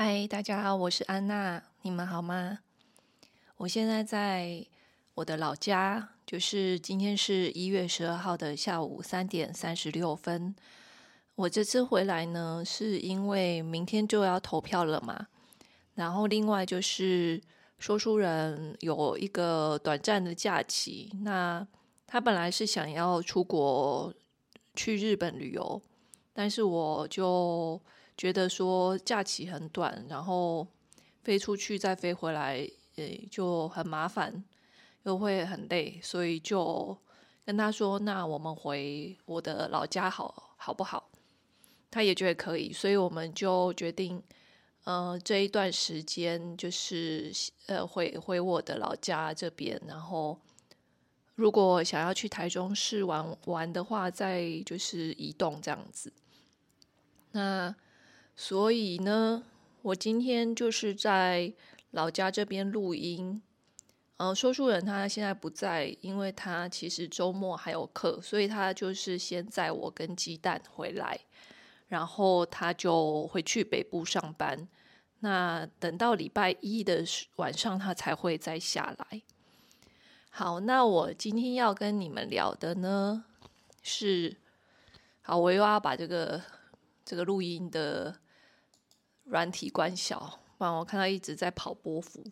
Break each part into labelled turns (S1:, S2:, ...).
S1: 嗨，大家好，我是安納，你們好嗎？我現在在我的老家，就是今天是一月十二號的下午三點三十六分。我這次回來呢，是因為明天就要投票了嘛，然後另外就是說書人有一個短暫的假期，那他本來是想要出國去日本旅遊，但是我就。覺得說假期很短，然後飛出去再飛回來，誒、欸、就很麻煩，又會很累，所以就跟他說：“那我們回我的老家好，好好不好？”他也覺得可以，所以我們就決定，嗯、呃，這一段時間就是呃回回我的老家這邊，然後如果想要去台中市玩玩的話，再就是移動這樣子，那。所以呢，我今天就是在老家這邊錄音。嗯、呃，說書人他現在不在，因為他其實周末還有課，所以他就是先載我跟雞蛋回來，然後他就回去北部上班。那等到禮拜一的晚上，他才會再下來。好，那我今天要跟你們聊的呢是，好，我又要把這個這個錄音的。軟體關小，哇！我看到一直在跑波幅。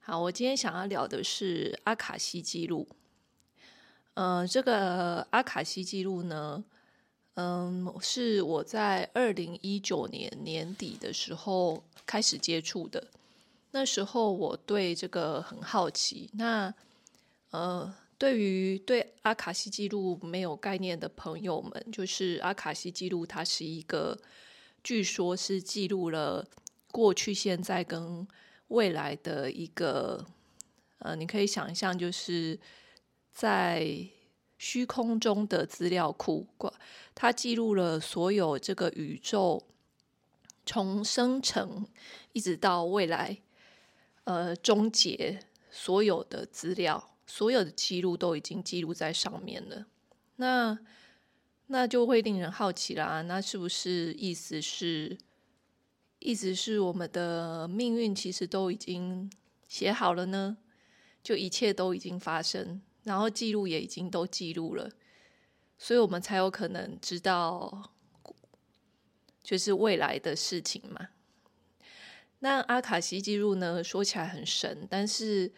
S1: 好，我今天想要聊的是阿卡西記錄。嗯，這個阿卡西記錄呢，嗯，是我在二零一九年年底的時候開始接觸的。那時候我對這個很好奇。那呃，嗯，對於對阿卡西記錄沒有概念的朋友們，就是阿卡西記錄，它是一個。據說，是記錄了過去、現在跟未來的一個，呃，你可以想象，就是在虛空中的資料庫，它記錄了所有這個宇宙從生成一直到未來，呃，終結所有的資料，所有的記錄都已經記錄在上面了。那那就會令人好奇啦。那是不是意思是，意思是我們的命運其實都已經寫好了呢？就一切都已經發生，然後記錄也已經都記錄了，所以我們才有可能知道，就是未來的事情嘛。那阿卡西記錄呢？說起來很神，但是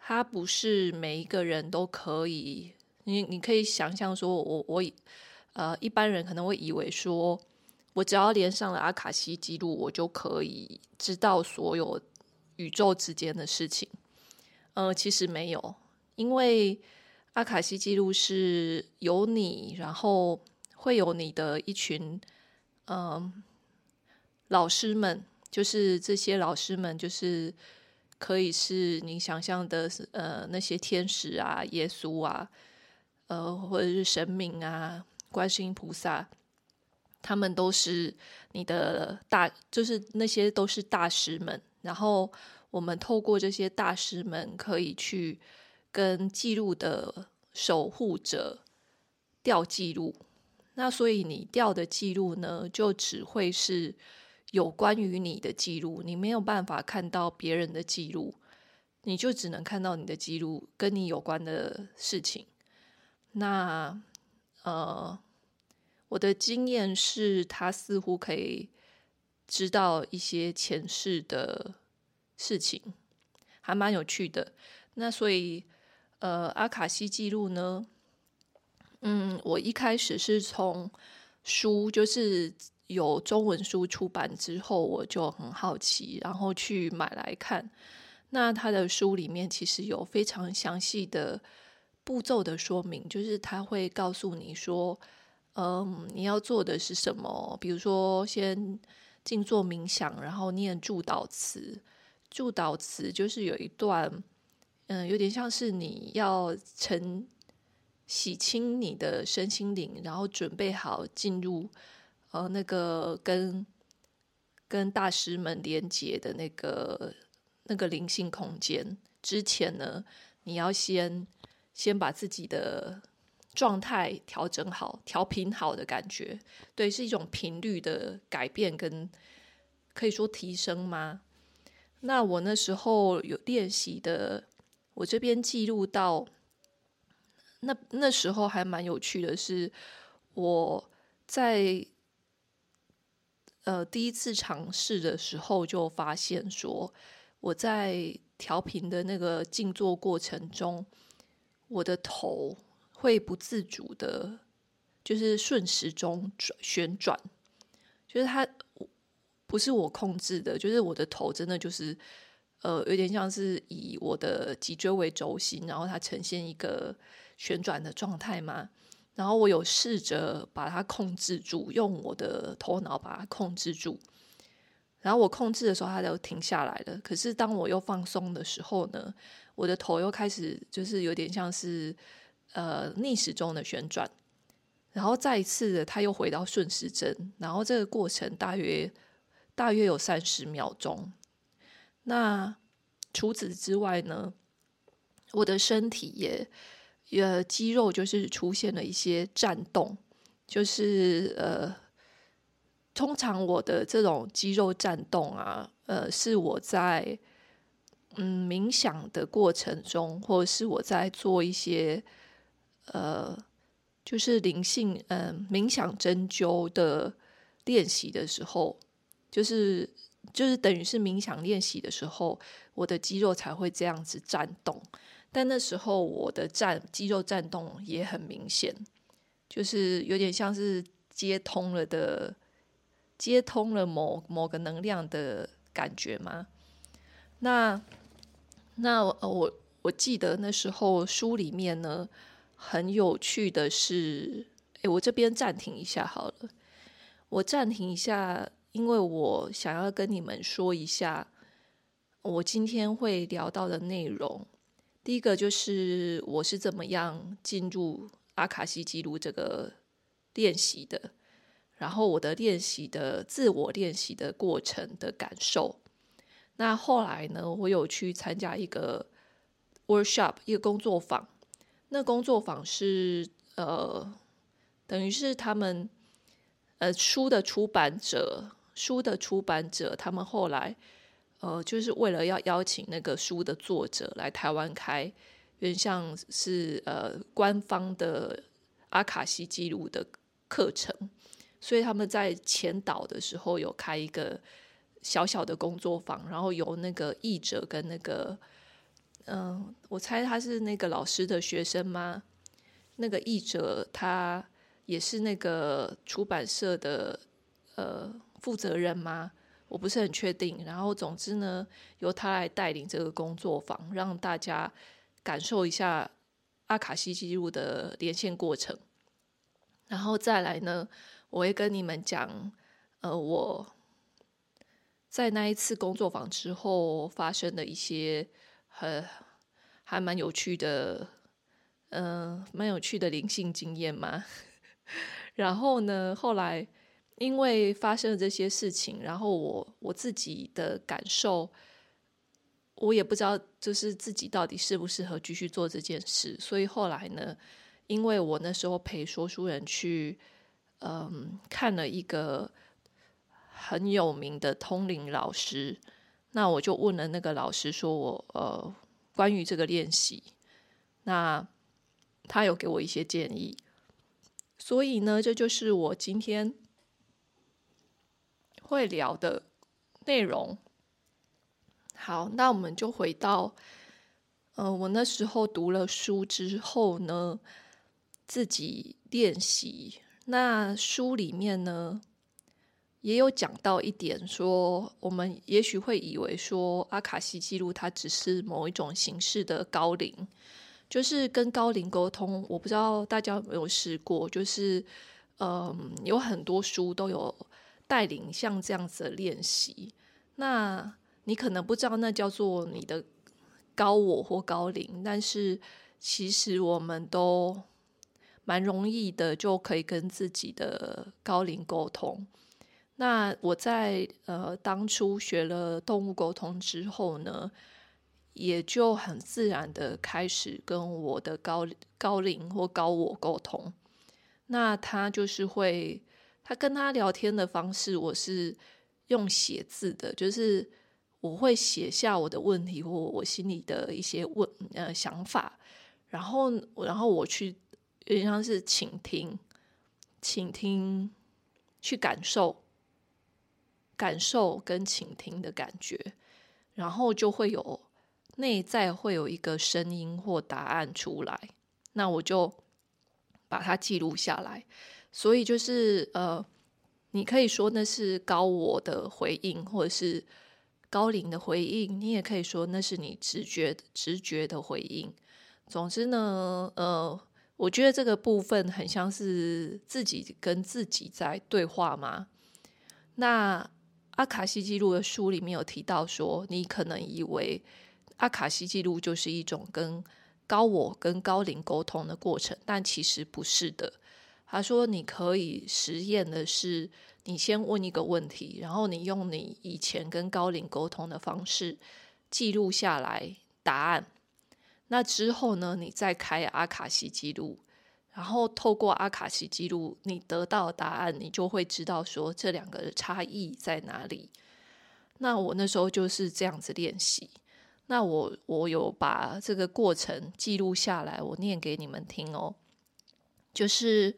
S1: 它不是每一個人都可以。你你可以想象說我，我我。呃，一般人可能會以為說，我只要連上了阿卡西記錄，我就可以知道所有宇宙之間的事情。呃，其實沒有，因為阿卡西記錄是有你，然後會有你的一群，嗯、呃，老師們，就是這些老師們，就是可以是你想象的，呃，那些天使啊、耶穌啊，呃，或者是神明啊。觀世音菩薩，他們都是你的大，就是那些都是大師們。然後我們透過這些大師們，可以去跟記錄的守護者調記錄。那所以你調的記錄呢，就只會是有關於你的記錄，你沒有辦法看到別人的記錄，你就只能看到你的記錄跟你有關的事情。那。呃，我的經驗是，他似乎可以知道一些前世的事情，還蠻有趣的。那所以，呃，阿卡西記錄呢？嗯，我一開始是從書，就是有中文書出版之後，我就很好奇，然後去買來看。那他的書裡面其實有非常詳細的。步驟的說明就是，他會告訴你說：“嗯，你要做的是什麼？比如說，先靜坐冥想，然後念祝禱詞。祝禱詞就是有一段，嗯，有點像是你要沉洗清你的身心靈，然後準備好進入呃、嗯、那個跟跟大師們連接的那個那個靈性空間之前呢，你要先。”先把自己的狀態調整好，調頻好的感覺，對，是一種頻率的改變跟可以說提升嗎？那我那時候有練習的，我這邊記錄到，那那時候還蠻有趣的是，是我在呃第一次嘗試的時候就發現說，我在調頻的那個靜坐過程中。我的頭會不自主的，就是順時鐘轉旋轉，就是它不是我控制的，就是我的頭真的就是呃，有點像是以我的脊椎為軸心，然後它呈現一個旋轉的狀態嘛。然後我有試着把它控制住，用我的頭腦把它控制住。然後我控制的時候，它就停下來了。可是當我又放鬆的時候呢，我的頭又開始就是有點像是呃逆時鐘的旋轉，然後再一次的它又回到順時針。然後這個過程大約大約有三十秒鐘。那除此之外呢，我的身體也呃肌肉就是出現了一些顫動，就是呃。通常我的這種肌肉顫動啊，呃，是我在嗯冥想的過程中，或者是我在做一些呃，就是靈性嗯、呃、冥想針灸的練習的時候，就是就是等於是冥想練習的時候，我的肌肉才會這樣子顫動。但那時候我的顫肌肉顫動也很明顯，就是有點像是接通了的。接通了某某個能量的感覺嗎？那那我我，我記得那時候書裡面呢，很有趣的是，誒，我這邊暫停一下好了，我暫停一下，因為我想要跟你們說一下我今天會聊到的內容。第一個就是我是怎麼樣進入阿卡西紀錄這個練習的。然後我的練習的自我練習的過程的感受，那後來呢，我有去參加一個 workshop，一個工作坊。那工作坊是呃，等於是他們呃書的出版者，書的出版者他們後來呃，就是為了要邀請那個書的作者來台灣開，有點像是呃官方的阿卡西記錄的課程。所以他們在前導的時候有開一個小小的工作坊，然後由那個譯者跟那個，嗯、呃，我猜他是那個老師的學生嗎？那個譯者他也是那個出版社的呃負責人嗎？我不是很確定。然後總之呢，由他來帶領這個工作坊，讓大家感受一下阿卡西記錄的連線過程，然後再來呢。我會跟你們講，呃，我在那一次工作坊之後發生的一些，呃，還蠻有趣的，嗯、呃，蠻有趣的靈性經驗嘛。 然後呢，後來因為發生了這些事情，然後我我自己的感受，我也不知道，就是自己到底適不適合繼續做這件事。所以後來呢，因為我那時候陪說書人去。嗯，看了一個很有名的通靈老師，那我就問了那個老師，說我呃關於這個練習，那他有給我一些建議，所以呢，這就是我今天會聊的內容。好，那我們就回到，嗯、呃，我那時候讀了書之後呢，自己練習。那書裡面呢，也有講到一點說，說我們也許會以為說阿卡西記錄它只是某一種形式的高靈，就是跟高靈溝通。我不知道大家有沒有試過，就是嗯，有很多書都有帶領像這樣子的練習。那你可能不知道，那叫做你的高我或高靈，但是其實我們都。蠻容易的，就可以跟自己的高靈溝通。那我在呃當初學了動物溝通之後呢，也就很自然的開始跟我的高高靈或高我溝通。那他就是會，他跟他聊天的方式，我是用寫字的，就是我會寫下我的問題或我心裡的一些問呃想法，然後然後我去。就像是傾聽、傾聽，去感受、感受跟傾聽的感覺，然後就會有內在會有一個聲音或答案出來，那我就把它記錄下來。所以就是呃，你可以說那是高我的回應，或者是高靈的回應，你也可以說那是你直覺直覺的回應。總之呢，呃。我覺得這個部分很像是自己跟自己在對話嗎？那阿卡西記錄的書裡面有提到說，你可能以為阿卡西記錄就是一種跟高我跟高靈溝通的過程，但其實不是的。他說，你可以實驗的是，你先問一個問題，然後你用你以前跟高靈溝通的方式記錄下來答案。那之後呢？你再開阿卡西記錄，然後透過阿卡西記錄，你得到答案，你就會知道說這兩個差異在哪裡。那我那時候就是這樣子練習。那我我有把這個過程記錄下來，我念給你們聽哦、喔。就是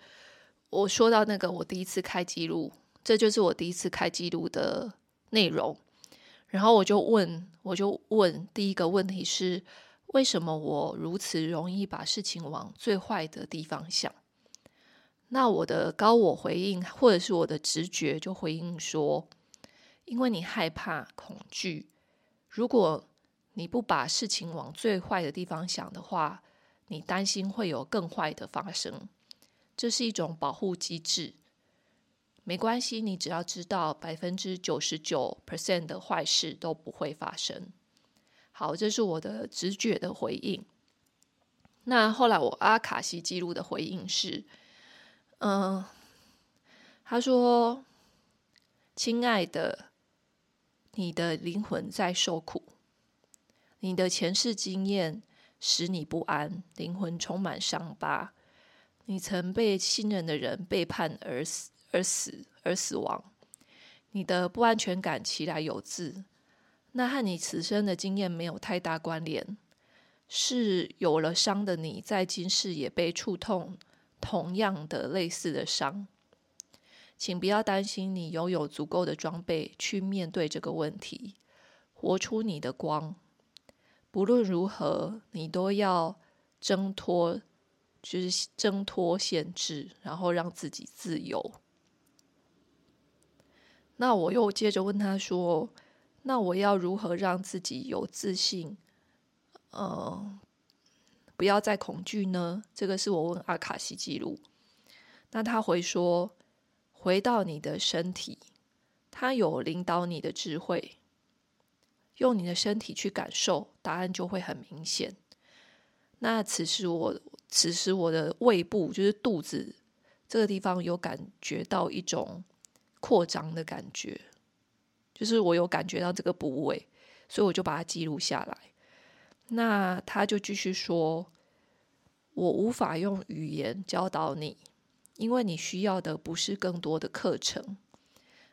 S1: 我說到那個我第一次開記錄，這就是我第一次開記錄的內容。然後我就問，我就問第一個問題是。為什麼我如此容易把事情往最壞的地方想？那我的高我回應，或者是我的直覺就回應說，因為你害怕恐懼。如果你不把事情往最壞的地方想的話，你擔心會有更壞的發生，這是一種保護機制。沒關係，你只要知道百分之九十九 percent 的壞事都不會發生。好，這是我的直覺的回應。那後來我阿卡西記錄的回應是，嗯，他說：“親愛的，你的靈魂在受苦，你的前世經驗使你不安，靈魂充滿傷疤，你曾被信任的人背叛而死，而死而死亡，你的不安全感其來有自。”那和你此生的經驗沒有太大關聯，是有了傷的你在今世也被觸痛同樣的類似的傷，請不要擔心，你擁有足夠的裝備去面對這個問題，活出你的光。不論如何，你都要掙脫，就是掙脫限制，然後讓自己自由。那我又接着問他說，那我要如何讓自己有自信？嗯、呃，不要再恐懼呢？這個是我問阿卡西記錄，那他會說：回到你的身體，他有領導你的智慧，用你的身體去感受，答案就會很明顯。那此時我，此時我的胃部，就是肚子這個地方，有感覺到一種擴張的感覺。就是我有感覺到這個部位，所以我就把它記錄下來。那他就繼續說：“我無法用語言教導你，因為你需要的不是更多的課程，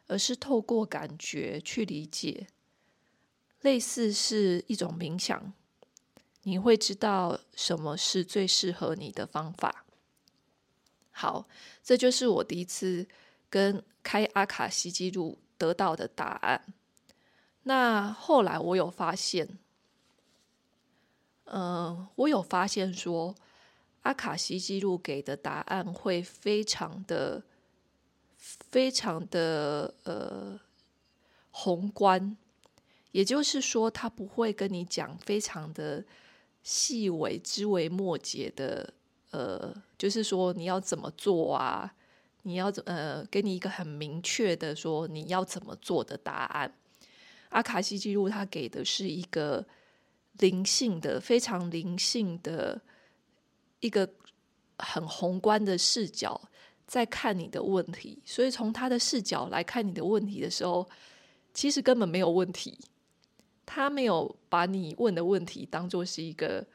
S1: 而是透過感覺去理解。類似是一種冥想，你會知道什麼是最適合你的方法。”好，這就是我第一次跟開阿卡西記錄得到的答案。那後來我有發現，嗯、呃，我有發現說，阿卡西記錄給的答案會非常的、非常的呃宏觀，也就是說，他不會跟你講非常的細微、枝微末節的，呃，就是說你要怎麼做啊。你要怎呃，給你一個很明確的說你要怎麼做的答案。阿卡西記錄他給的是一個靈性的、非常靈性的一個很宏觀的視角在看你的問題，所以從他的視角來看你的問題的時候，其實根本沒有問題。他沒有把你問的問題當作是一個。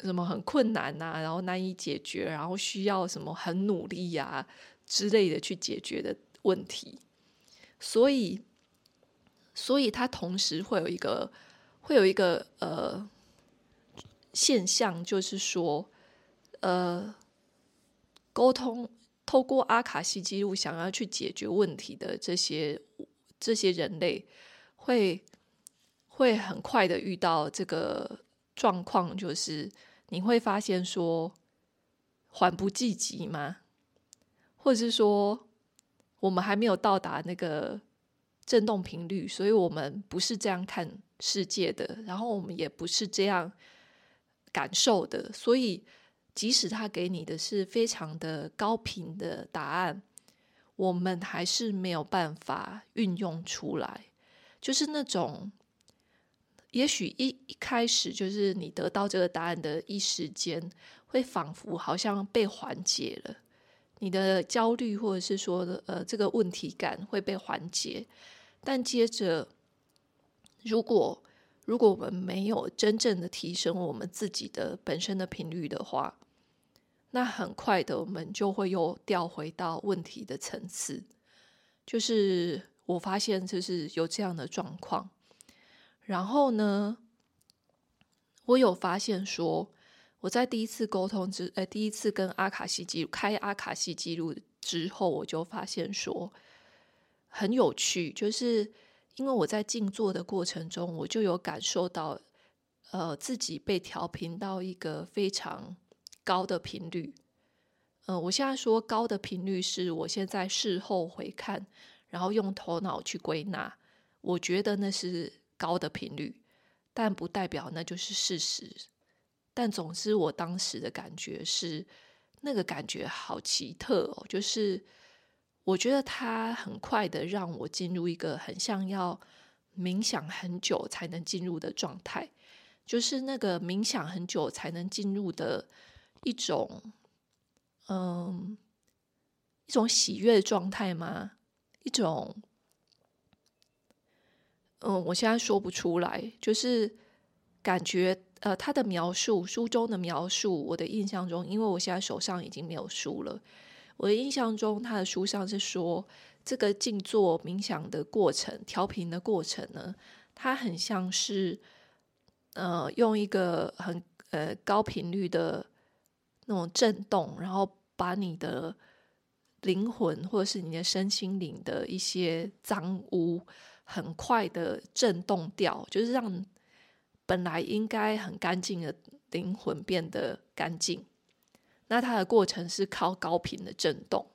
S1: 什麼很困難啊，然後難以解決，然後需要什麼很努力呀、啊、之類的去解決的問題，所以，所以他同時會有一個會有一個呃現象，就是說，呃，溝通透過阿卡西記錄想要去解決問題的這些這些人類會，會會很快的遇到這個狀況，就是。你會發現說緩不濟急嗎？或者是說我們還沒有到達那個震動頻率，所以我們不是這樣看世界的，然後我們也不是這樣感受的。所以，即使他給你的是非常的高頻的答案，我們還是沒有辦法運用出來，就是那種。也許一一開始就是你得到這個答案的一時間，會仿佛好像被緩解了，你的焦慮或者是說的呃這個問題感會被緩解，但接着如果如果我們沒有真正的提升我們自己的本身的頻率的話，那很快的我們就會又掉回到問題的層次。就是我發現就是有這樣的狀況。然後呢，我有發現說，我在第一次溝通之，呃，第一次跟阿卡西記錄開阿卡西記錄之後，我就發現說很有趣，就是因為我在靜坐的過程中，我就有感受到，呃，自己被調頻到一個非常高的頻率。呃，我現在說高的頻率是我現在事後回看，然後用頭腦去歸納，我覺得那是。高的頻率，但不代表那就是事實。但總之，我當時的感覺是，那個感覺好奇特哦，就是我覺得它很快的讓我進入一個很像要冥想很久才能進入的狀態，就是那個冥想很久才能進入的一種，嗯，一種喜悅的狀態嗎？一種。嗯，我現在說不出來，就是感覺呃，他的描述書中的描述，我的印象中，因為我現在手上已經沒有書了，我的印象中他的書上是說，這個靜坐冥想的過程，調頻的過程呢，它很像是呃，用一個很呃高頻率的那種震動，然後把你的靈魂或者是你的身心靈的一些髒污，很快的震動掉，就是讓本來應該很乾淨的靈魂變得乾淨。那它的過程是靠高頻的震動。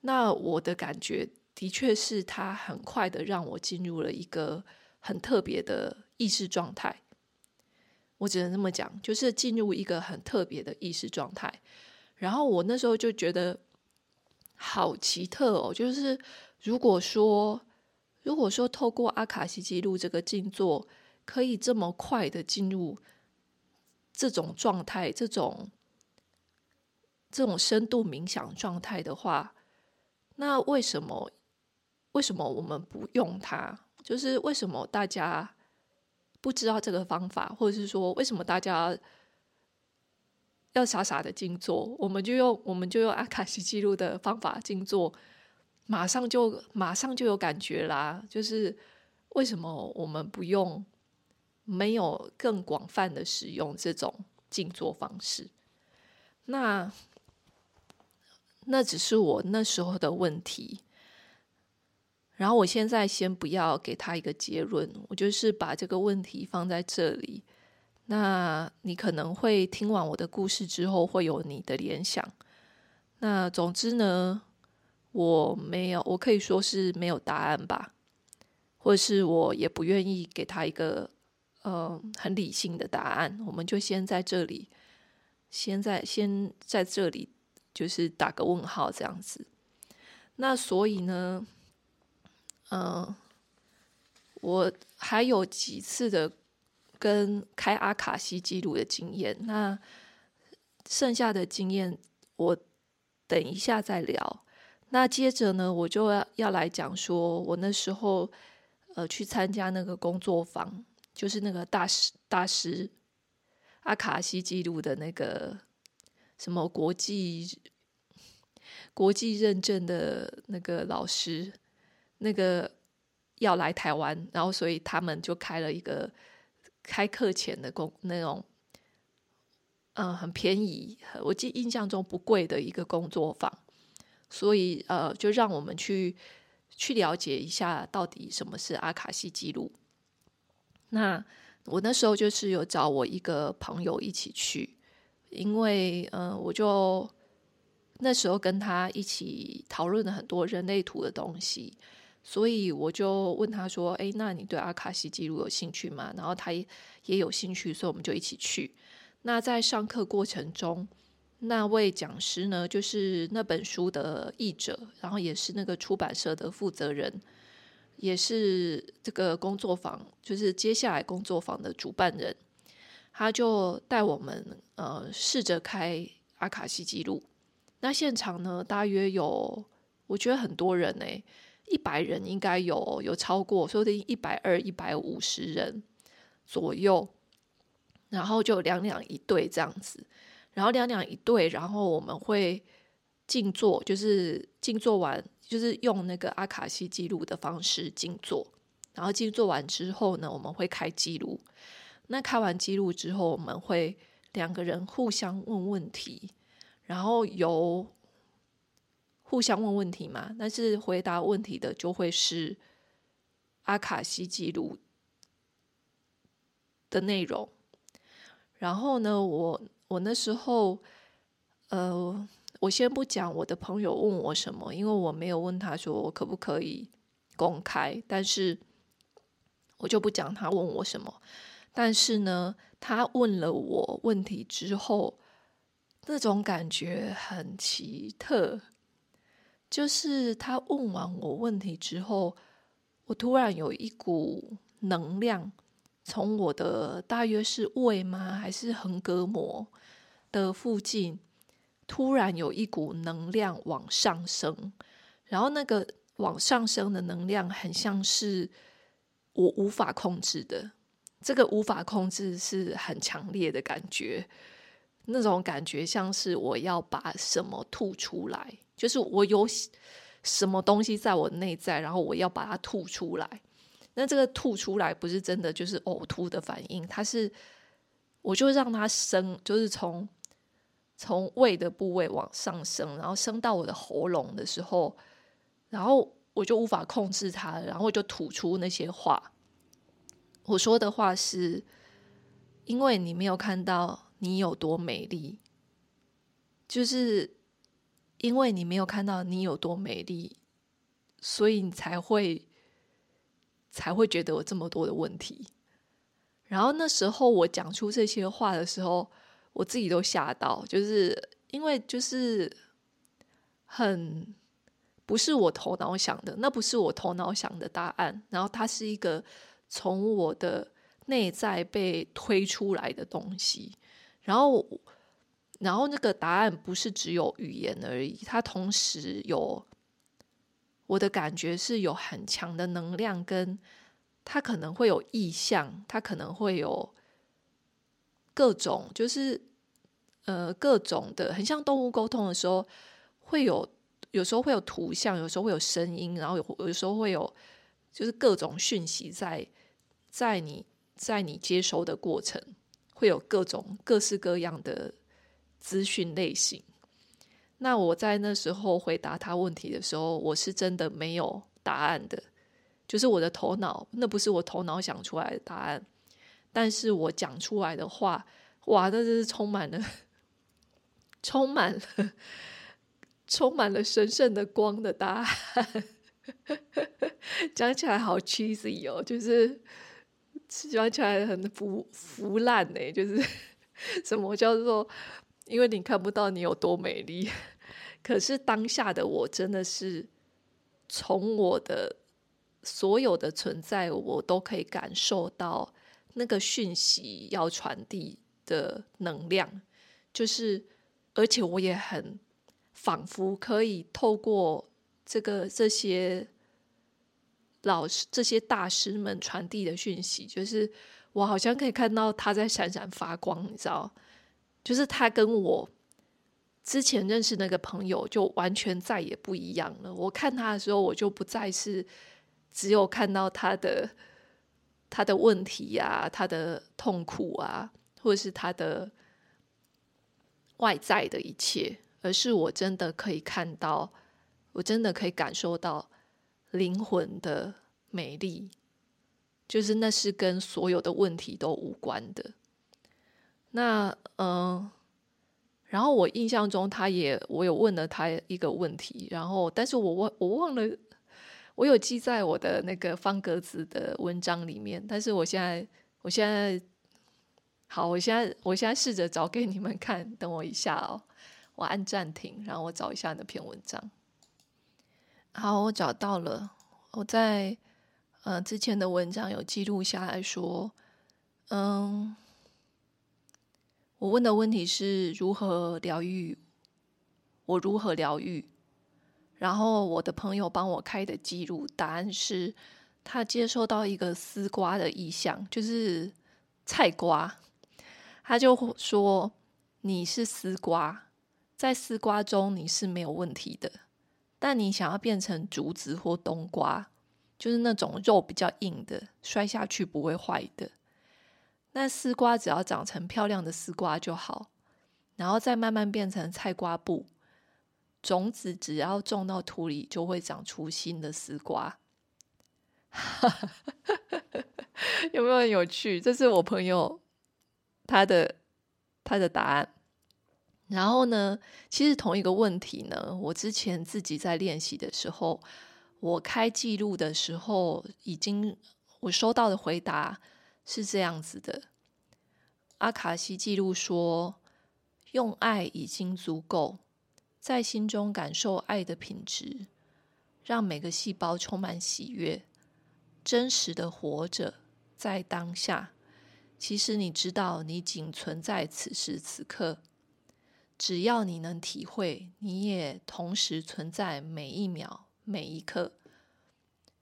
S1: 那我的感覺，的確是它很快的讓我進入了一個很特別的意識狀態。我只能這麼講，就是進入一個很特別的意識狀態。然後我那時候就覺得，好奇特哦，就是如果說。如果說透過，阿卡西記錄這個靜坐，可以這麼快的進入這種狀態，這種這種深度冥想狀態的話，那為什麼為什麼我們不用它？就是為什麼大家不知道這個方法，或者是說為什麼大家要傻傻的靜坐？我們就用我們就用阿卡西記錄的方法靜坐。馬上就馬上就有感覺啦，就是為什麼我們不用沒有更廣泛的使用這種靜坐方式。那那只是我那時候的問題。然後我現在先不要給他一個結論，我就是把這個問題放在這裡。那你可能會聽完我的故事之後會有你的聯想。那總之呢，我沒有，我可以說是沒有答案吧，或者是我也不願意給他一個，呃，很理性的答案。我們就先在這裡，先在先在這裡，就是打個問號這樣子。那所以呢，嗯、呃，我還有幾次的跟開阿卡西記錄的經驗。那剩下的經驗，我等一下再聊。那接着呢，我就要，要來講說，我那時候，呃，去參加那個工作坊，就是那個大師大師阿卡西記錄的那個什麼國際國際認證的那個老師，那個要來台灣，然後所以他們就開了一個開課前的工那種，嗯、呃，很便宜，我記得印象中不貴的一個工作坊。所以，呃，就讓我們去去了解一下到底什麼是阿卡西記錄。那我那時候就是有找我一個朋友一起去，因為，嗯、呃，我就那時候跟他一起討論了很多人類圖的東西，所以我就問他說：“哎、欸，那你對阿卡西記錄有興趣嗎？”然後他也有興趣，所以我們就一起去。那在上課過程中。那位講師呢，就是那本書的譯者，然後也是那個出版社的負責人，也是這個工作坊，就是接下來工作坊的主辦人。他就帶我們呃，試着開阿卡西記錄。那現場呢，大約有，我覺得很多人欸，一百人應該有有超過，說不定一百二、一百五十人左右，然後就兩兩一對這樣子。然後兩兩一對，然後我們會靜坐，就是靜坐完，就是用那個阿卡西記錄的方式靜坐。然後靜坐完之後呢，我們會開記錄。那開完記錄之後，我們會兩個人互相問問題，然後由互相問問題嘛，但是回答問題的就會是阿卡西記錄的內容。然後呢，我我那時候，呃，我先不講我的朋友問我什麼，因為我沒有問他說我可不可以公開，但是我就不講他問我什麼。但是呢，他問了我問題之後，那種感覺很奇特，就是他問完我問題之後，我突然有一股能量。從我的大約是胃嗎，還是橫膈膜的附近，突然有一股能量往上升，然後那個往上升的能量很像是我無法控制的，這個無法控制是很強烈的感覺，那種感覺像是我要把什麼吐出來，就是我有什麼東西在我內在，然後我要把它吐出來。那這個吐出來不是真的，就是嘔吐的反應。它是，我就讓它升，就是從從胃的部位往上升，然後升到我的喉嚨的時候，然後我就無法控制它，然後我就吐出那些話。我說的話是，因為你沒有看到你有多美麗，就是因為你沒有看到你有多美麗，所以你才會。才會覺得有這麼多的問題。然後那時候我講出這些話的時候，我自己都嚇到，就是因為就是很不是我頭腦想的，那不是我頭腦想的答案。然後它是一個從我的內在被推出來的東西。然後，然後那個答案不是只有語言而已，它同時有。我的感覺是有很強的能量，跟他可能會有意向，他可能會有各種，就是呃各種的，很像動物溝通的時候，會有有時候會有圖像，有時候會有聲音，然後有有時候會有就是各種訊息在在你在你接收的過程，會有各種各式各樣的資訊類型。那我在那時候回答他問題的時候，我是真的沒有答案的，就是我的頭腦，那不是我頭腦想出來的答案，但是我講出來的話，哇，那真是充滿了，充滿了，充滿了神聖的光的答案， 講起來好 cheesy 哦，就是講起來很腐腐爛呢，就是什麼叫做。因為你看不到你有多美麗，可是當下的我真的是從我的所有的存在，我都可以感受到那個訊息要傳遞的能量，就是而且我也很仿佛可以透過這個這些老師這些大師們傳遞的訊息，就是我好像可以看到他在閃閃發光，你知道。就是他跟我之前認識那個朋友就完全再也不一樣了。我看他的時候，我就不再是只有看到他的他的問題呀、啊，他的痛苦啊，或者是他的外在的一切，而是我真的可以看到，我真的可以感受到靈魂的美麗。就是那是跟所有的問題都無關的。那嗯，然後我印象中，他也，我有問了他一個問題，然後，但是我忘我，我忘了，我有記在我的那個方格子的文章裡面，但是我現在，我現在，好，我現在，我現在試着找給你們看，等我一下哦，我按暫停，然後我找一下那篇文章。好，我找到了，我在嗯之前的文章有記錄下來說，嗯。我問的問題是如何療癒，我如何療癒？然後我的朋友幫我開的記錄，答案是他接收到一個絲瓜的意象，就是菜瓜。他就說：“你是絲瓜，在絲瓜中你是沒有問題的，但你想要變成竹子或冬瓜，就是那種肉比較硬的，摔下去不會壞的。”那絲瓜只要長成漂亮的絲瓜就好，然後再慢慢變成菜瓜布。種子只要種到土裡，就會長出新的絲瓜。 有沒有很有趣？這是我朋友他的他的答案。然後呢，其實同一個問題呢，我之前自己在練習的時候，我開記錄的時候，已經我收到的回答。是這樣子的，阿卡西記錄說：“用愛已經足夠，在心中感受愛的品質，讓每個細胞充滿喜悅，真實的活着在當下。其實你知道，你僅存在此時此刻。只要你能體會，你也同時存在每一秒每一刻。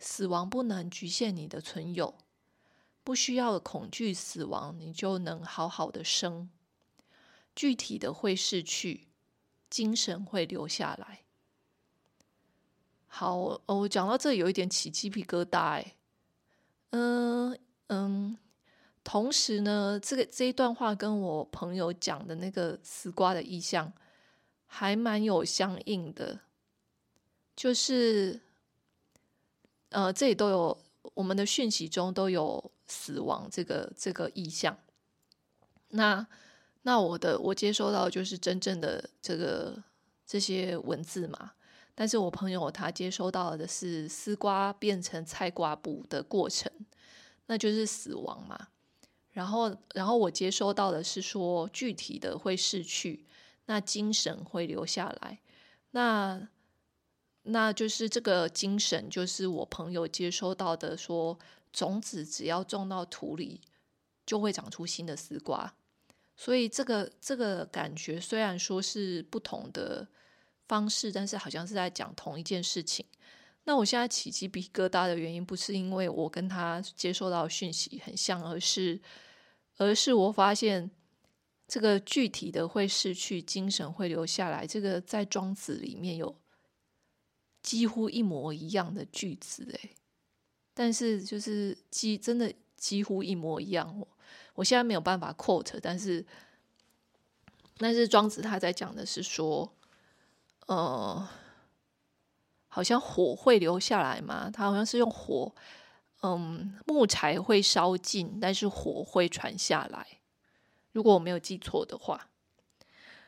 S1: 死亡不能局限你的存有。”不需要恐懼死亡，你就能好好的生。具體的會逝去，精神會留下來。好，哦，我講到這有一點起雞皮疙瘩，欸。哎，嗯嗯。同時呢，這個這一段話跟我朋友講的那個絲瓜的意象，還蠻有相應的。就是，呃，這裡都有我們的訊息中都有。死亡這個這個意象，那那我的我接收到就是真正的這個這些文字嘛，但是我朋友他接收到的是絲瓜變成菜瓜布的過程，那就是死亡嘛。然後然後我接收到的是說，具體的會逝去，那精神會留下來，那那就是這個精神，就是我朋友接收到的說。種子只要種到土裡，就會長出新的絲瓜。所以這個這個感覺雖然說是不同的方式，但是好像是在講同一件事情。那我現在起雞皮疙瘩的原因，不是因為我跟他接收到訊息很像，而是而是我發現這個具體的會失去，精神會留下來，這個在莊子裡面有幾乎一模一樣的句子，欸但是就是幾真的幾乎一模一樣，我現在沒有辦法 quote，但是但是莊子他在講的是說，呃，好像火會留下來嘛，他好像是用火，嗯，木材會燒盡，但是火會傳下來，如果我沒有記錯的話。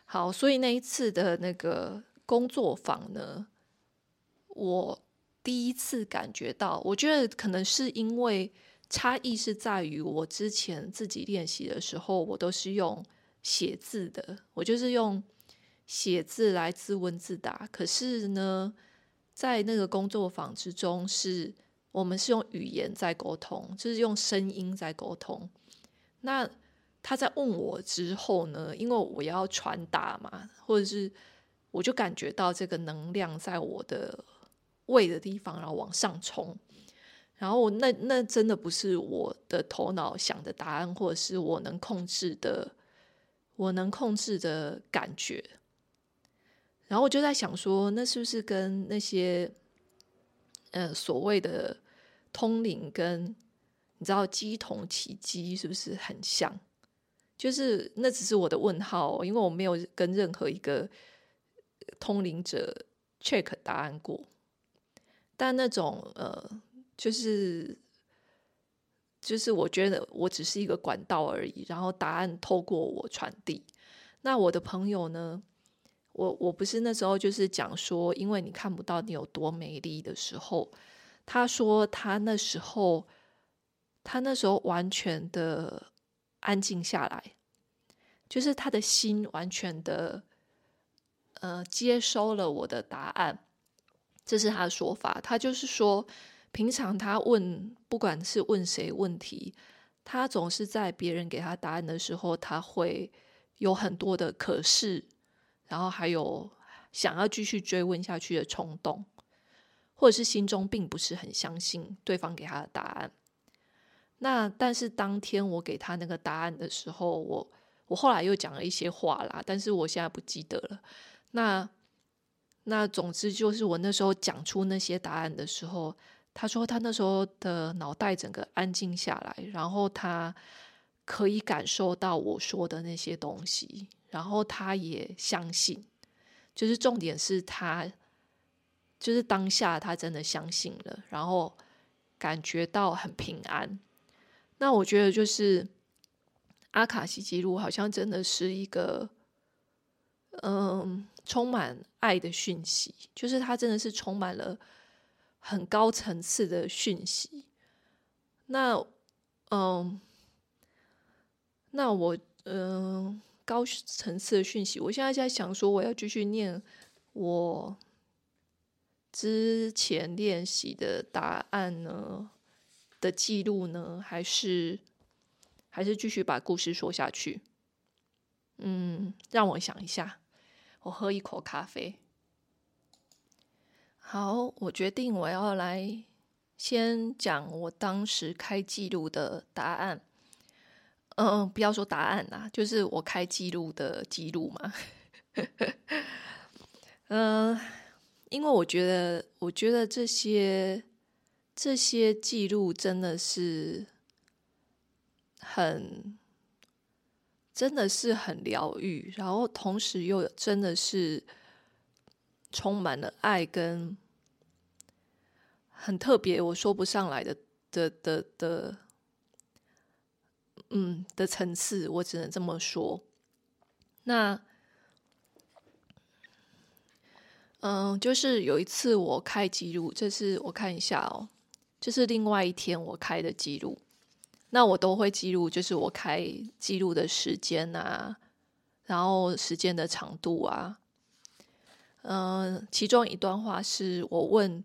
S1: 好，所以那一次的那個工作坊呢，我。第一次感覺到，我覺得可能是因為差異是在於，我之前自己練習的時候，我都是用寫字的，我就是用寫字來自問自答。可是呢，在那個工作坊之中是，是我們是用語言在溝通，就是用聲音在溝通。那他在問我之後呢，因為我要傳達嘛，或者是我就感覺到這個能量在我的。胃的地方，然後往上衝，然後那那真的不是我的頭腦想的答案，或者是我能控制的，我能控制的感覺。然後我就在想說，說那是不是跟那些呃所謂的通靈跟你知道乩童起乩是不是很像？就是那只是我的問號，因為我沒有跟任何一個通靈者 check 答案過。但那種呃，就是，就是我覺得我只是一個管道而已，然後答案透過我傳遞。那我的朋友呢？我我不是那時候就是講說，因為你看不到你有多美麗的時候，他說他那時候，他那時候完全的安靜下來，就是他的心完全的呃接收了我的答案。這是他的說法，他就是說，平常他問，不管是問誰問題，他總是在別人給他答案的時候，他會有很多的可是，然後還有想要繼續追問下去的衝動，或者是心中並不是很相信對方給他的答案。那但是當天我給他那個答案的時候，我我後來又講了一些話啦，但是我現在不記得了。那。那總之就是，我那時候講出那些答案的時候，他說他那時候的腦袋整個安靜下來，然後他可以感受到我說的那些東西，然後他也相信，就是重點是他就是當下他真的相信了，然後感覺到很平安。那我覺得就是阿卡西記錄好像真的是一個，嗯。充滿愛的訊息，就是它真的是充滿了很高層次的訊息。那，嗯，那我嗯，高層次的訊息，我現在在想說，我要繼續念我之前練習的答案呢的記錄呢，還是還是繼續把故事說下去？嗯，讓我想一下。我喝一口咖啡。好，我決定我要來先講我當時開記錄的答案。嗯，不要說答案啦，就是我開記錄的記錄嘛。 嗯，因為我覺得，我覺得這些這些記錄真的是很。真的是很療癒，然後同時又真的是充滿了愛，跟很特別，我說不上來的的的的，嗯的層次，我只能這麼說。那嗯，就是有一次我開記錄，這是我看一下哦，這是另外一天我開的記錄。那我都會記錄，就是我開記錄的時間啊，然後時間的長度啊，嗯，其中一段話是我問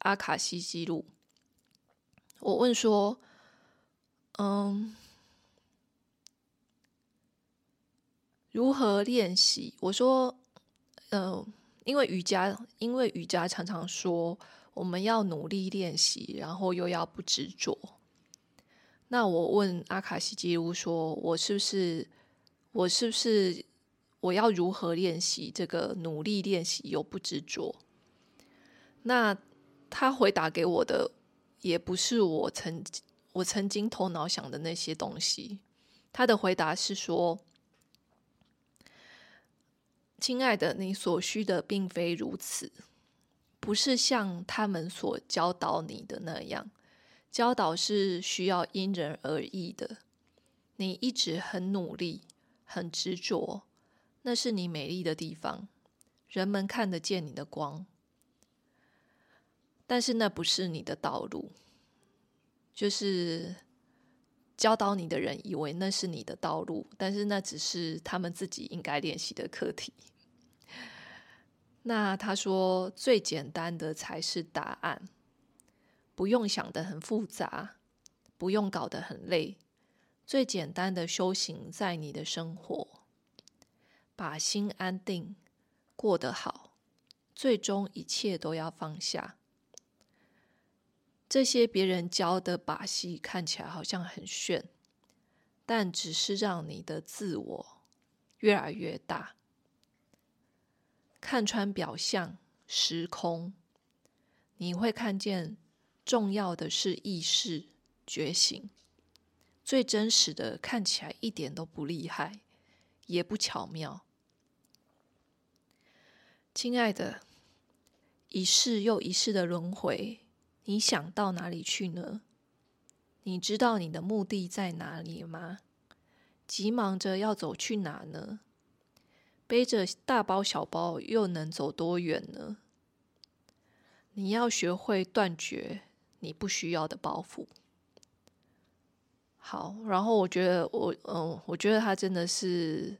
S1: 阿卡西記錄，我問說，嗯，如何練習？我說，嗯，因為瑜伽，因為瑜伽常常說我們要努力練習，然後又要不執着。那我問阿卡西記錄說：“我是不是，我是不是，我要如何練習這個努力練習又不執着？”那他回答給我的，也不是我曾我曾經頭腦想的那些東西。他的回答是說：“親愛的，你所需的並非如此，不是像他們所教導你的那樣。”教導是需要因人而異的。你一直很努力、很執着，那是你美麗的地方，人們看得見你的光。但是那不是你的道路，就是教導你的人以為那是你的道路，但是那只是他們自己應該練習的課題。那他說，最簡單的才是答案。不用想得很複雜，不用搞得很累，最簡單的修行在你的生活，把心安定，過得好，最終一切都要放下。這些別人教的把戲看起來好像很炫，但只是讓你的自我越來越大。看穿表象時空，你會看見。重要的是意識覺醒，最真實的看起來一點都不厲害，也不巧妙。親愛的，一世又一世的輪迴，你想到哪裡去呢？你知道你的目的在哪裡嗎？急忙着要走去哪呢？背着大包小包又能走多遠呢？你要學會斷絕。你不需要的包袱。好，然後我覺得，我嗯，我覺得他真的是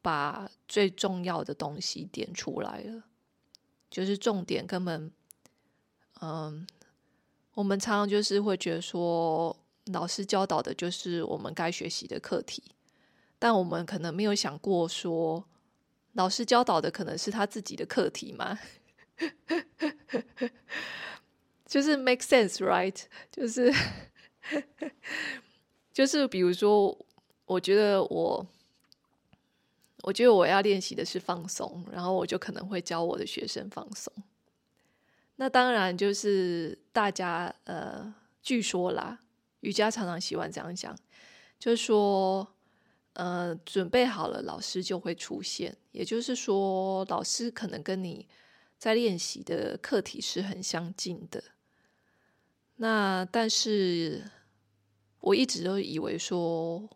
S1: 把最重要的東西點出來了，就是重點根本，嗯，我們常常就是會覺得說，老師教導的就是我們該學習的課題，但我們可能沒有想過說，老師教導的可能是他自己的課題嗎？ 就是 make sense, right？就是 就是比如說，我覺得我我覺得我要練習的是放鬆，然後我就可能會教我的學生放鬆。那當然就是大家呃，據說啦，瑜伽常常喜歡這樣講，就是說呃，準備好了，老師就會出現。也就是說，老師可能跟你在練習的課題是很相近的。那但是我一直都以為說，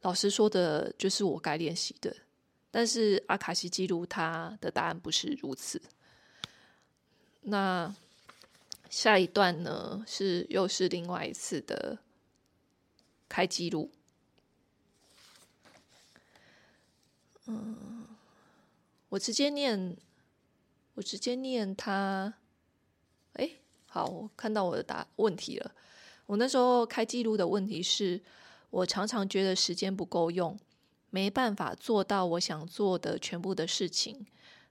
S1: 老師說的就是我該練習的，但是阿卡西記錄它的答案不是如此。那下一段呢是又是另外一次的開記錄。嗯，我直接念，我直接念它。好，我看到我的答問題了。我那時候開記錄的問題是，我常常覺得時間不夠用，沒辦法做到我想做的全部的事情。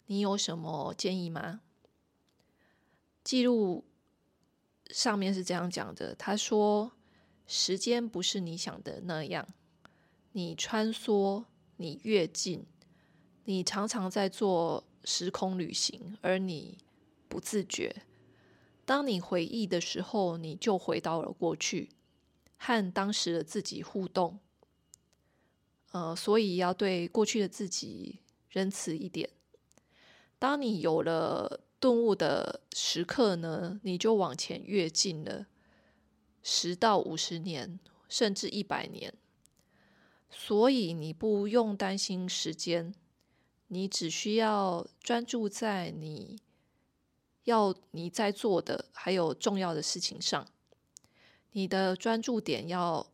S1: 你有什麼建議嗎？記錄上面是這樣講的，他說：“時間不是你想的那樣，你穿梭，你越近，你常常在做時空旅行，而你不自覺。”當你回憶的時候，你就回到了過去，和當時的自己互動。呃，所以要對過去的自己仁慈一點。當你有了頓悟的時刻呢，你就往前躍進了十到五十年，甚至一百年。所以你不用擔心時間，你只需要專注在你。要你在做的還有重要的事情上，你的專注點要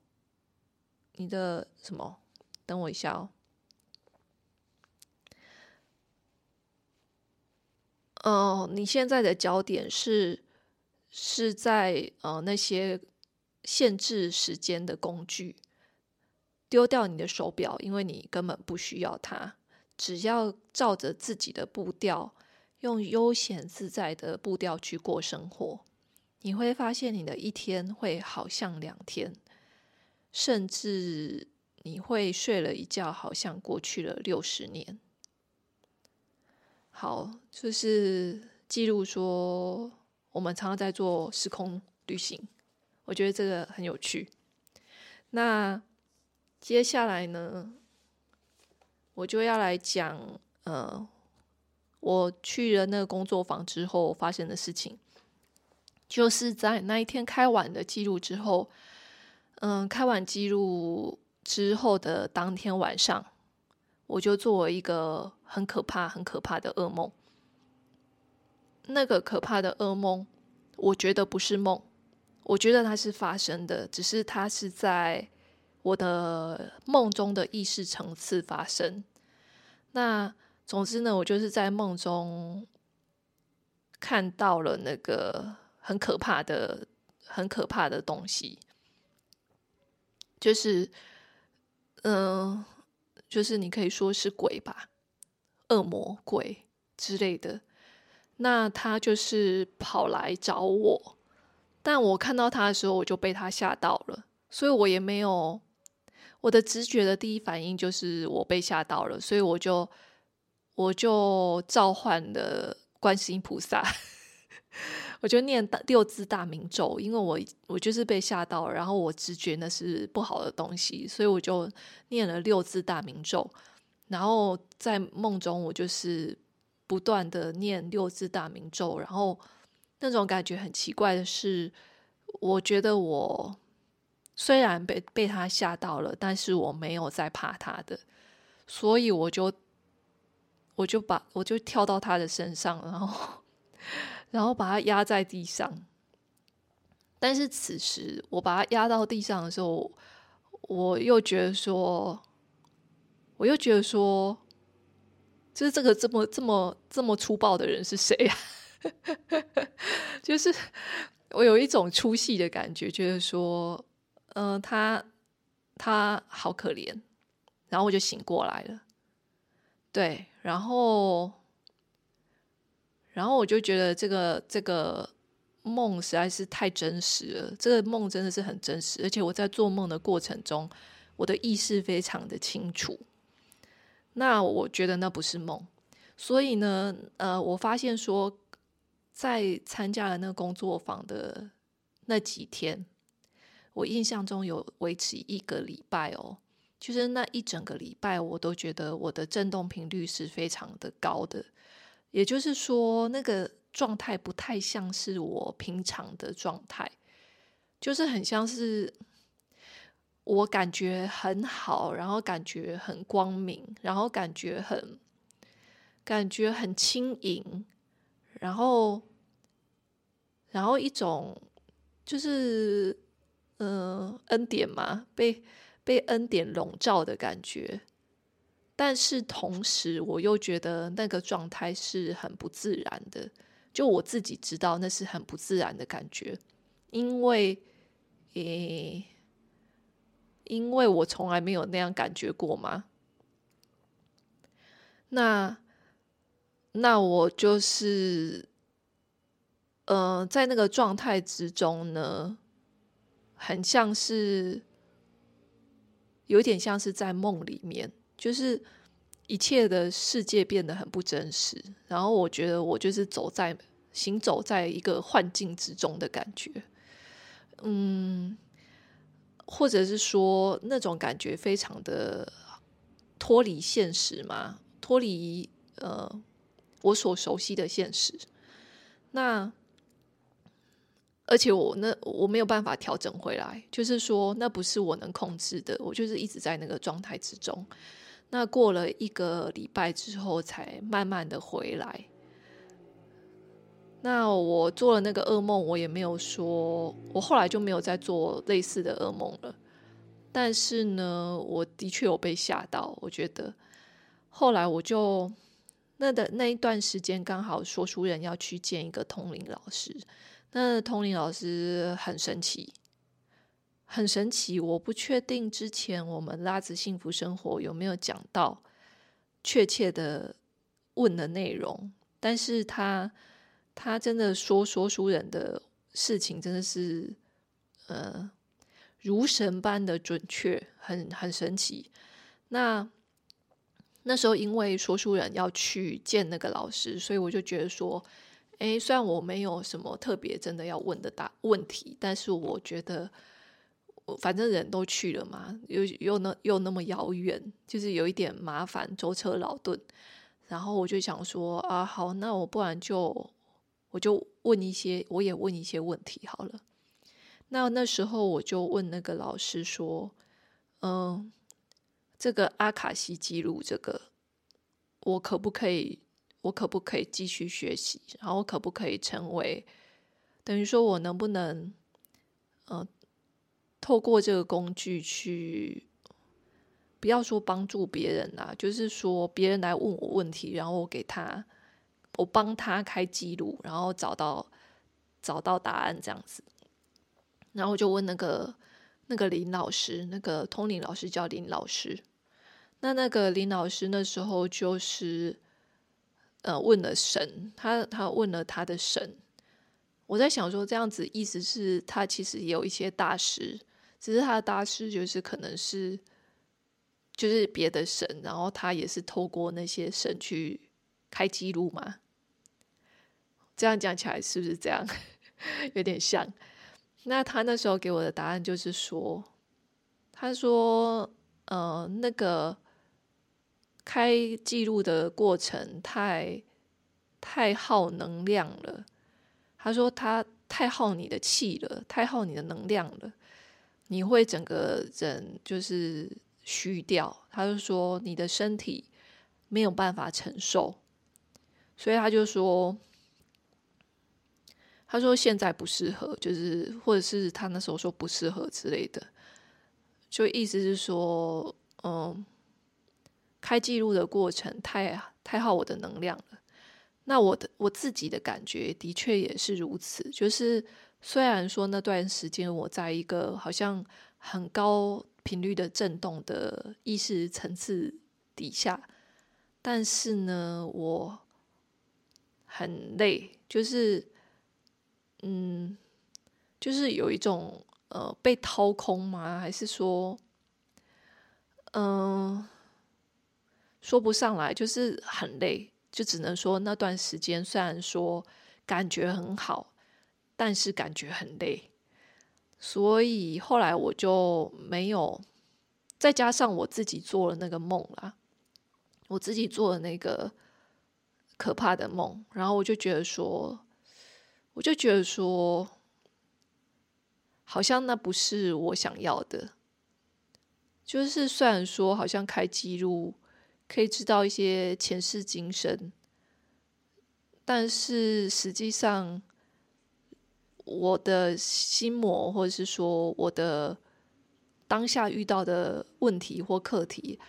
S1: 你的什麼？等我一下哦。哦，你現在的焦點是是在、呃、那些限制時間的工具，丟掉你的手表，因為你根本不需要它，只要照着自己的步調。用悠閒自在的步調去過生活，你會發現你的一天會好像兩天，甚至你會睡了一覺，好像過去了六十年。好，就是記錄說我們常常在做時空旅行，我覺得這個很有趣。那接下來呢，我就要來講，呃，我去了那個工作坊之後發生的事情，就是在那一天開完的記錄之後，嗯，開完記錄之後的當天晚上，我就做了一個很可怕、很可怕的噩夢。那個可怕的噩夢，我覺得不是夢，我覺得它是發生的，只是它是在我的夢中的意識層次發生。那。總之呢，我就是在夢中看到了那個很可怕的、很可怕的東西，就是，嗯、呃，就是你可以說是鬼吧，惡魔鬼之類的。那他就是跑來找我，但我看到他的時候，我就被他嚇到了，所以我也沒有我的直覺的第一反應就是我被嚇到了，所以我就。我就召喚了觀世音菩薩， 我就念六字大明咒，因為我我就是被嚇到了，然後我直覺那是不好的東西，所以我就念了六字大明咒，然後在夢中我就是不斷的念六字大明咒，然後那種感覺很奇怪的是，我覺得我雖然被被他嚇到了，但是我沒有再怕他的，所以我就。我就把我就跳到他的身上，然後然後把他壓在地上。但是此時我把他壓到地上的時候我，我又覺得說，我又覺得說，就是這個這麼這麼這麼粗暴的人是誰啊？ 就是我有一種出戲的感覺，覺得說，嗯、呃，他他好可憐。然後我就醒過來了。對，然後，然後我就覺得這個這個夢實在是太真實了，這個夢真的是很真實，而且我在做夢的過程中，我的意識非常的清楚。那我覺得那不是夢，所以呢，呃，我發現說，在參加了那個工作坊的那幾天，我印象中有維持一個禮拜哦。就是那一整個禮拜，我都覺得我的震動頻率是非常的高的，也就是說，那個狀態不太像是我平常的狀態，就是很像是我感覺很好，然後感覺很光明，然後感覺很感覺很輕盈，然後然後一種就是嗯，恩典嘛被。被恩典籠罩的感覺，但是同時我又覺得那個狀態是很不自然的。就我自己知道，那是很不自然的感覺，因為、欸，因為我從來沒有那樣感覺過嘛。那，那我就是，嗯、呃，在那個狀態之中呢，很像是。有點像是在夢裡面，就是一切的世界變得很不真實，然後我覺得我就是走在行走在一個幻境之中的感覺，嗯，或者是說那種感覺非常的脫離現實嘛，脫離呃我所熟悉的現實，那。而且我那我沒有辦法調整回來，就是說那不是我能控制的，我就是一直在那個狀態之中。那過了一個禮拜之後，才慢慢的回來。那我做了那個噩夢，我也沒有說，我後來就沒有再做類似的噩夢了。但是呢，我的確有被嚇到，我覺得。後來我就那的那一段時間，剛好說書人要去見一個通靈老師。那通靈老師很神奇，很神奇。我不確定之前我們拉子幸福生活有沒有講到確切的問的內容，但是他他真的說說書人的事情真的是呃如神般的準確，很很神奇。那那時候因為說書人要去見那個老師，所以我就覺得說。哎、欸，雖然我沒有什麼特別真的要問的大問題，但是我覺得，我反正人都去了嘛，又又那又那麼遙遠，就是有一點麻煩舟車勞頓。然後我就想說啊，好，那我不然就我就問一些，我也問一些問題好了。那那時候我就問那個老師說，嗯，這個阿卡西記錄，這個我可不可以？我可不可以繼續學習？然後我可不可以成為？等於說我能不能，嗯、呃，透過這個工具去，不要說幫助別人啦、啊，就是說別人來問我問題，然後我給他，我幫他開記錄，然後找到找到答案這樣子。然後我就問那個那個林老師，那個通靈老師叫林老師。那那個林老師那時候就是。呃，問了神，他他問了他的神，我在想說，這樣子意思是他其實也有一些大師，只是他的大師就是可能是，就是別的神，然後他也是透過那些神去開紀錄嘛。這樣講起來是不是這樣？ 有點像。那他那時候給我的答案就是說，他說，呃，那個。開紀錄的過程太太耗能量了。他說他太耗你的氣了，太耗你的能量了，你會整個人就是虛掉。他就說你的身體沒有辦法承受，所以他就說，他說現在不適合，就是或者是他那時候說不適合之類的，就意思是說，嗯。開記錄的過程太太耗我的能量了。那我的我自己的感覺的確也是如此，就是雖然說那段時間我在一個好像很高頻率的震動的意識層次底下，但是呢，我很累，就是嗯，就是有一種呃被掏空嗎？還是說嗯？呃說不上來，就是很累。就只能說那段時間雖然說感覺很好，但是感覺很累。所以後來我就沒有，再加上我自己做了那個夢啦，我自己做了那個可怕的夢。然後我就覺得說，我就覺得說，好像那不是我想要的。就是雖然說好像開記錄。可以知道一些前世今生，但是實際上，我的心魔，或者是說我的當下遇到的問題或課題，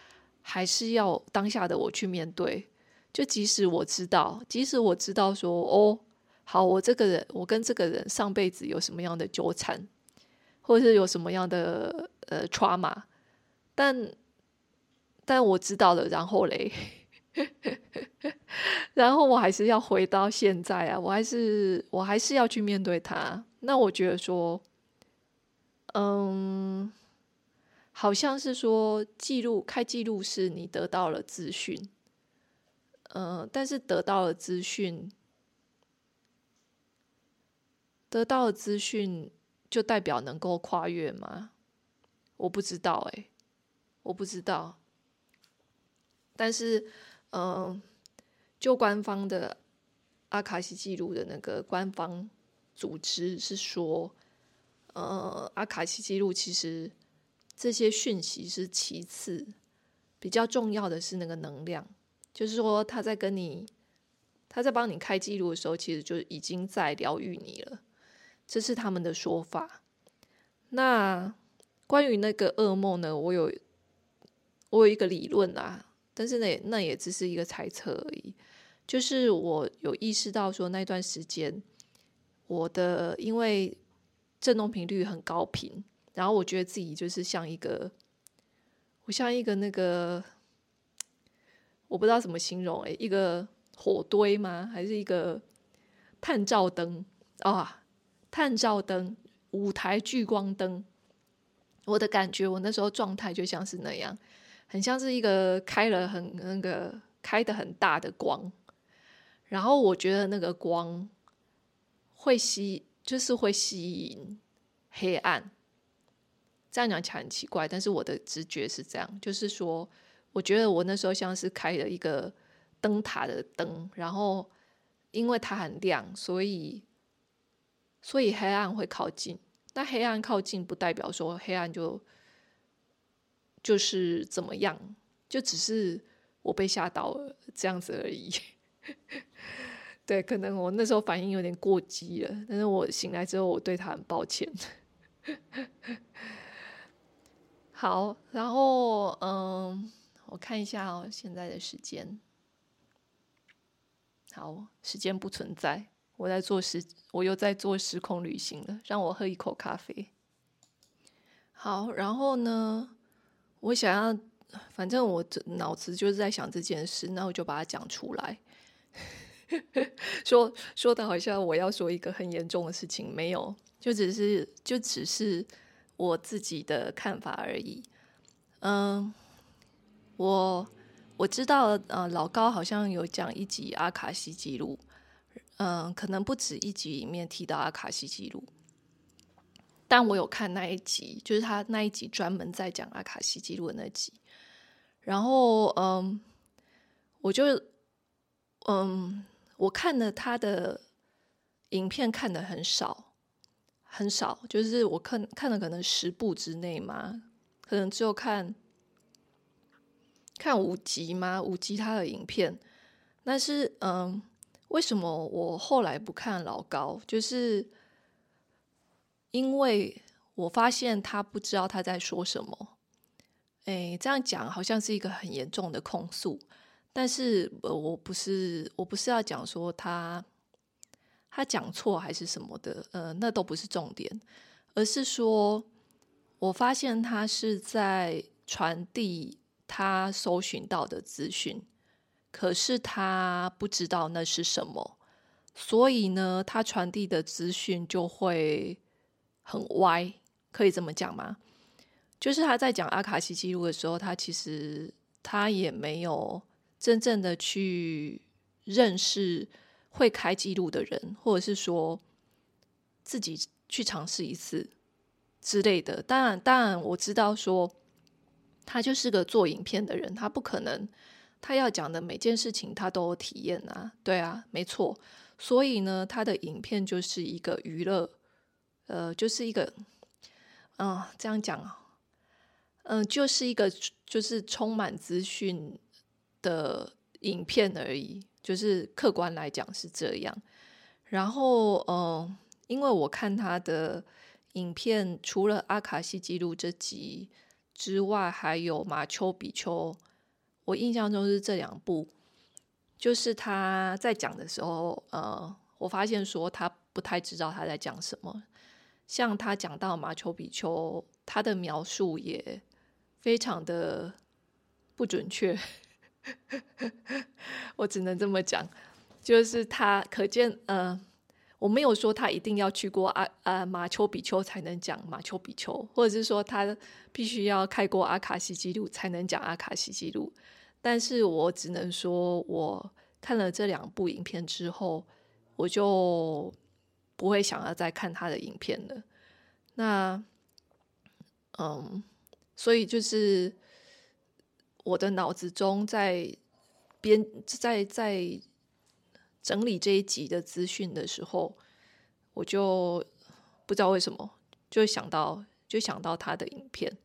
S1: 還是要當下的我去面對。就即使我知道，即使我知道說，哦，好，我這個人，我跟這個人上輩子有什麼樣的糾纏，或者是有什麼樣的呃 trauma，但。但我知道了，然後嘞， 然後我還是要回到現在啊，我還是我還是要去面對他。那我覺得說，嗯，好像是說記錄開記錄是你得到了資訊，嗯，但是得到了資訊，得到了資訊就代表能夠跨越嗎？我不知道哎、欸，我不知道。但是，嗯，就官方的阿卡西記錄的那個官方組織是說，呃、嗯，阿卡西記錄其實這些訊息是其次，比較重要的是那個能量，就是說他在跟你他在幫你開記錄的時候，其實就已經在療癒你了。這是他們的說法。那關於那個噩夢呢？我有我有一個理論啊。但是那也，那也只是一個猜測而已。就是我有意識到說，那段時間我的因為震動頻率很高頻，然後我覺得自己就是像一個，我像一個那個，我不知道怎麼形容欸，一個火堆嗎？還是一個探照燈啊？探照燈，舞台聚光燈。我的感覺，我那時候狀態就像是那樣。很像是一個開了很那個開的很大的光，然後我覺得那個光會吸，就是會吸引黑暗。這樣講起來很奇怪，但是我的直覺是這樣，就是說，我覺得我那時候像是開了一個燈塔的燈，然後因為它很亮，所以所以黑暗會靠近。那黑暗靠近，不代表說黑暗就。就是怎麼樣，就只是我被嚇到了這樣子而已。 對，可能我那時候反應有點過激了，但是我醒來之後，我對他很抱歉。 好，然後嗯，我看一下哦，現在的時間。好，時間不存在，我在做時，我又在做時空旅行了。讓我喝一口咖啡。好，然後呢？我想要，反正我這腦子就是在想這件事，那我就把它講出來。 說說的好像我要說一個很嚴重的事情，沒有，就只是就只是我自己的看法而已。嗯，我我知道，呃、嗯，老高好像有講一集阿卡西記錄，嗯，可能不止一集裡面提到阿卡西記錄。但我有看那一集，就是他那一集專門在講阿卡西紀錄的那集。然後，嗯，我就，嗯，我看了他的影片，看得很少，很少，就是我看看了可能十部之內嘛，可能只有看，看五集嘛，五集他的影片。但是，嗯，為什麼我後來不看老高？就是。因為我發現他不知道他在說什麼，哎，這樣講好像是一個很嚴重的控訴，但是我不是我不是要講說他他講錯還是什麼的，呃，那都不是重點，而是說，我發現他是在傳遞他搜尋到的資訊，可是他不知道那是什麼，所以呢，他傳遞的資訊就會很歪，可以這麼講嗎？就是他在講阿卡西記錄的時候，他其實他也沒有真正的去認識會開記錄的人，或者是說自己去嘗試一次之類的。當然，當然我知道，說他就是個做影片的人，他不可能他要講的每件事情他都有體驗啊。對啊，沒錯。所以呢，他的影片就是一個娛樂。呃，就是一個，嗯，這樣講，嗯，就是一個就是充滿資訊的影片而已，就是客觀來講是這樣。然後，嗯，因為我看他的影片，除了阿卡西記錄這集之外，還有馬丘比丘，我印象中是這兩部。就是他在講的時候，呃、嗯，我發現說他不太知道他在講什麼。像他講到馬丘比丘，他的描述也非常的不準確， 我只能這麼講，就是他可見，呃，我沒有說他一定要去過阿啊馬丘比丘才能講馬丘比丘，或者是說他必須要開過阿卡西記錄才能講阿卡西記錄，但是我只能說，我看了這兩部影片之後，我就。不會想要再看他的影片了。那，嗯，所以就是我的腦子中在編在，在，在整理這一集的資訊的時候，我就不知道為什麼就想到就想到他的影片。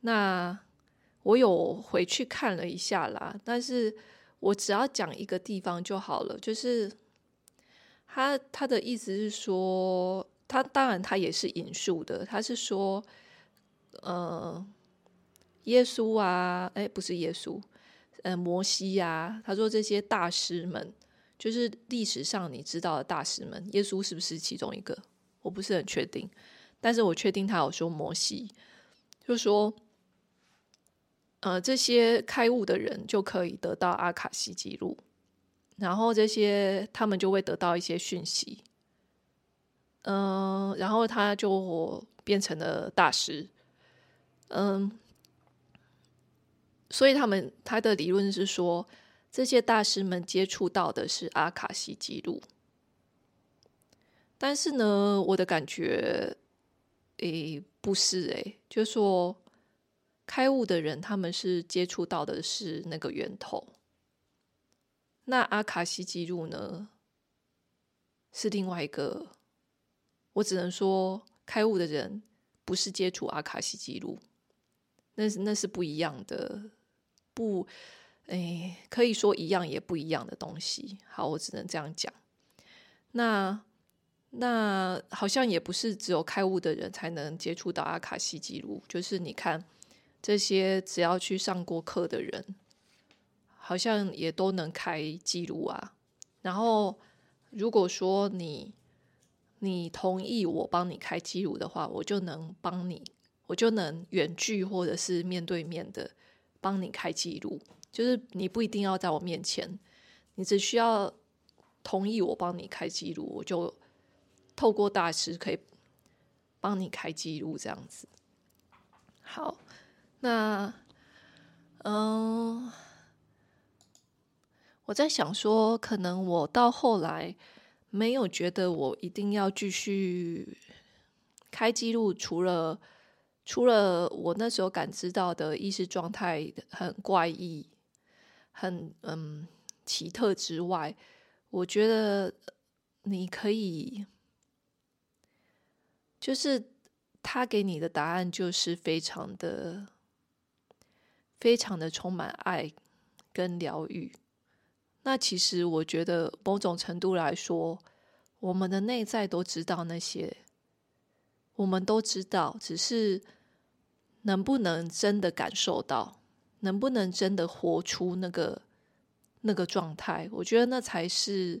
S1: 那我有回去看了一下啦，但是我只要講一個地方就好了，就是。他他的意思是說，他當然他也是引述的，他是說，呃，耶穌啊，哎，不是耶穌，呃，摩西啊，他說這些大師們，就是歷史上你知道的大師們，耶穌是不是其中一個？我不是很確定，但是我確定他有說摩西，就說，呃，這些開悟的人就可以得到阿卡西記錄。然後這些他們就會得到一些訊息，嗯，然後他就變成了大師，嗯，所以他們他的理論是說，這些大師們接觸到的是阿卡西記錄，但是呢，我的感覺，誒，不是誒，就是說開悟的人，他們是接觸到的是那個源頭。那阿卡西記錄呢？是另外一個，我只能說，開悟的人不是接觸阿卡西記錄，那那是不一樣的，不，哎，可以說一樣也不一樣的東西。好，我只能這樣講。那那好像也不是只有開悟的人才能接觸到阿卡西記錄，就是你看，這些只要去上過課的人。好像也都能開記錄啊。然後，如果說你你同意我幫你開記錄的話，我就能幫你，我就能遠距或者是面對面的幫你開記錄。就是你不一定要在我面前，你只需要同意我幫你開記錄，我就透過大師可以幫你開記錄這樣子。好，那嗯。我在想說，可能我到後來沒有覺得我一定要繼續開記錄，除了除了我那時候感知到的意識狀態很怪異、很嗯奇特之外，我覺得你可以，就是他給你的答案就是非常的、非常的充滿愛跟療癒。那其實我覺得，某種程度來說，我們的內在都知道那些，我們都知道，只是能不能真的感受到，能不能真的活出那個那個狀態？我覺得那才是，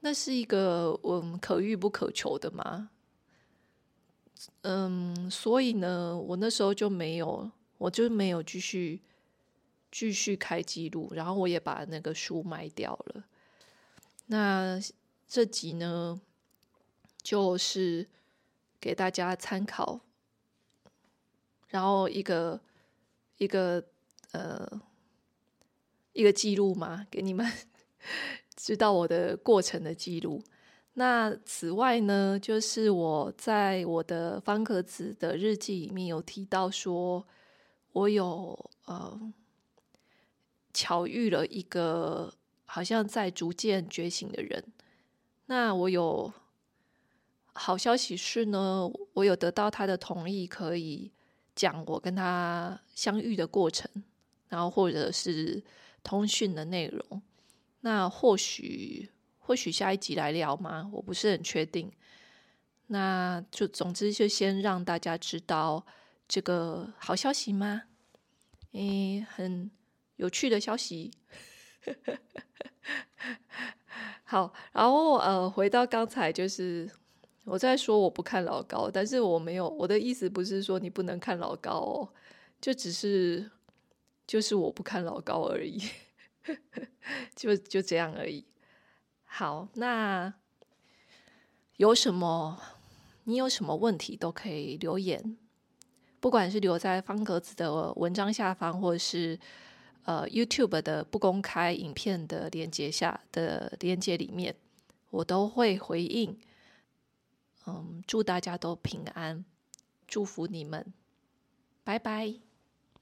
S1: 那是一個我們可遇不可求的嘛。嗯，所以呢，我那時候就沒有，我就沒有繼續。繼續開記錄，然後我也把那個書賣掉了。那這集呢，就是給大家參考，然後一個一個呃一個記錄嘛，給你們知道我的過程的記錄。那此外呢，就是我在我的方格子的日記裡面有提到說，我有呃。巧遇了一個好像在逐漸覺醒的人。那我有好消息是呢，我有得到他的同意，可以講我跟他相遇的過程，然後或者是通訊的內容。那或許或許下一集來聊嗎？我不是很確定。那就總之就先讓大家知道這個好消息嗎？嗯、欸，很。有趣的消息， 好。然後呃，回到剛才，就是我在說我不看老高，但是我沒有，我的意思不是說你不能看老高哦，就只是就是我不看老高而已， 就就這樣而已。好，那有什麼你有什麼問題都可以留言，不管是留在方格子的文章下方，或是呃，YouTube 的不公開影片的連結下的連結裡面，我都會回應。嗯，祝大家都平安，祝福你們，拜拜。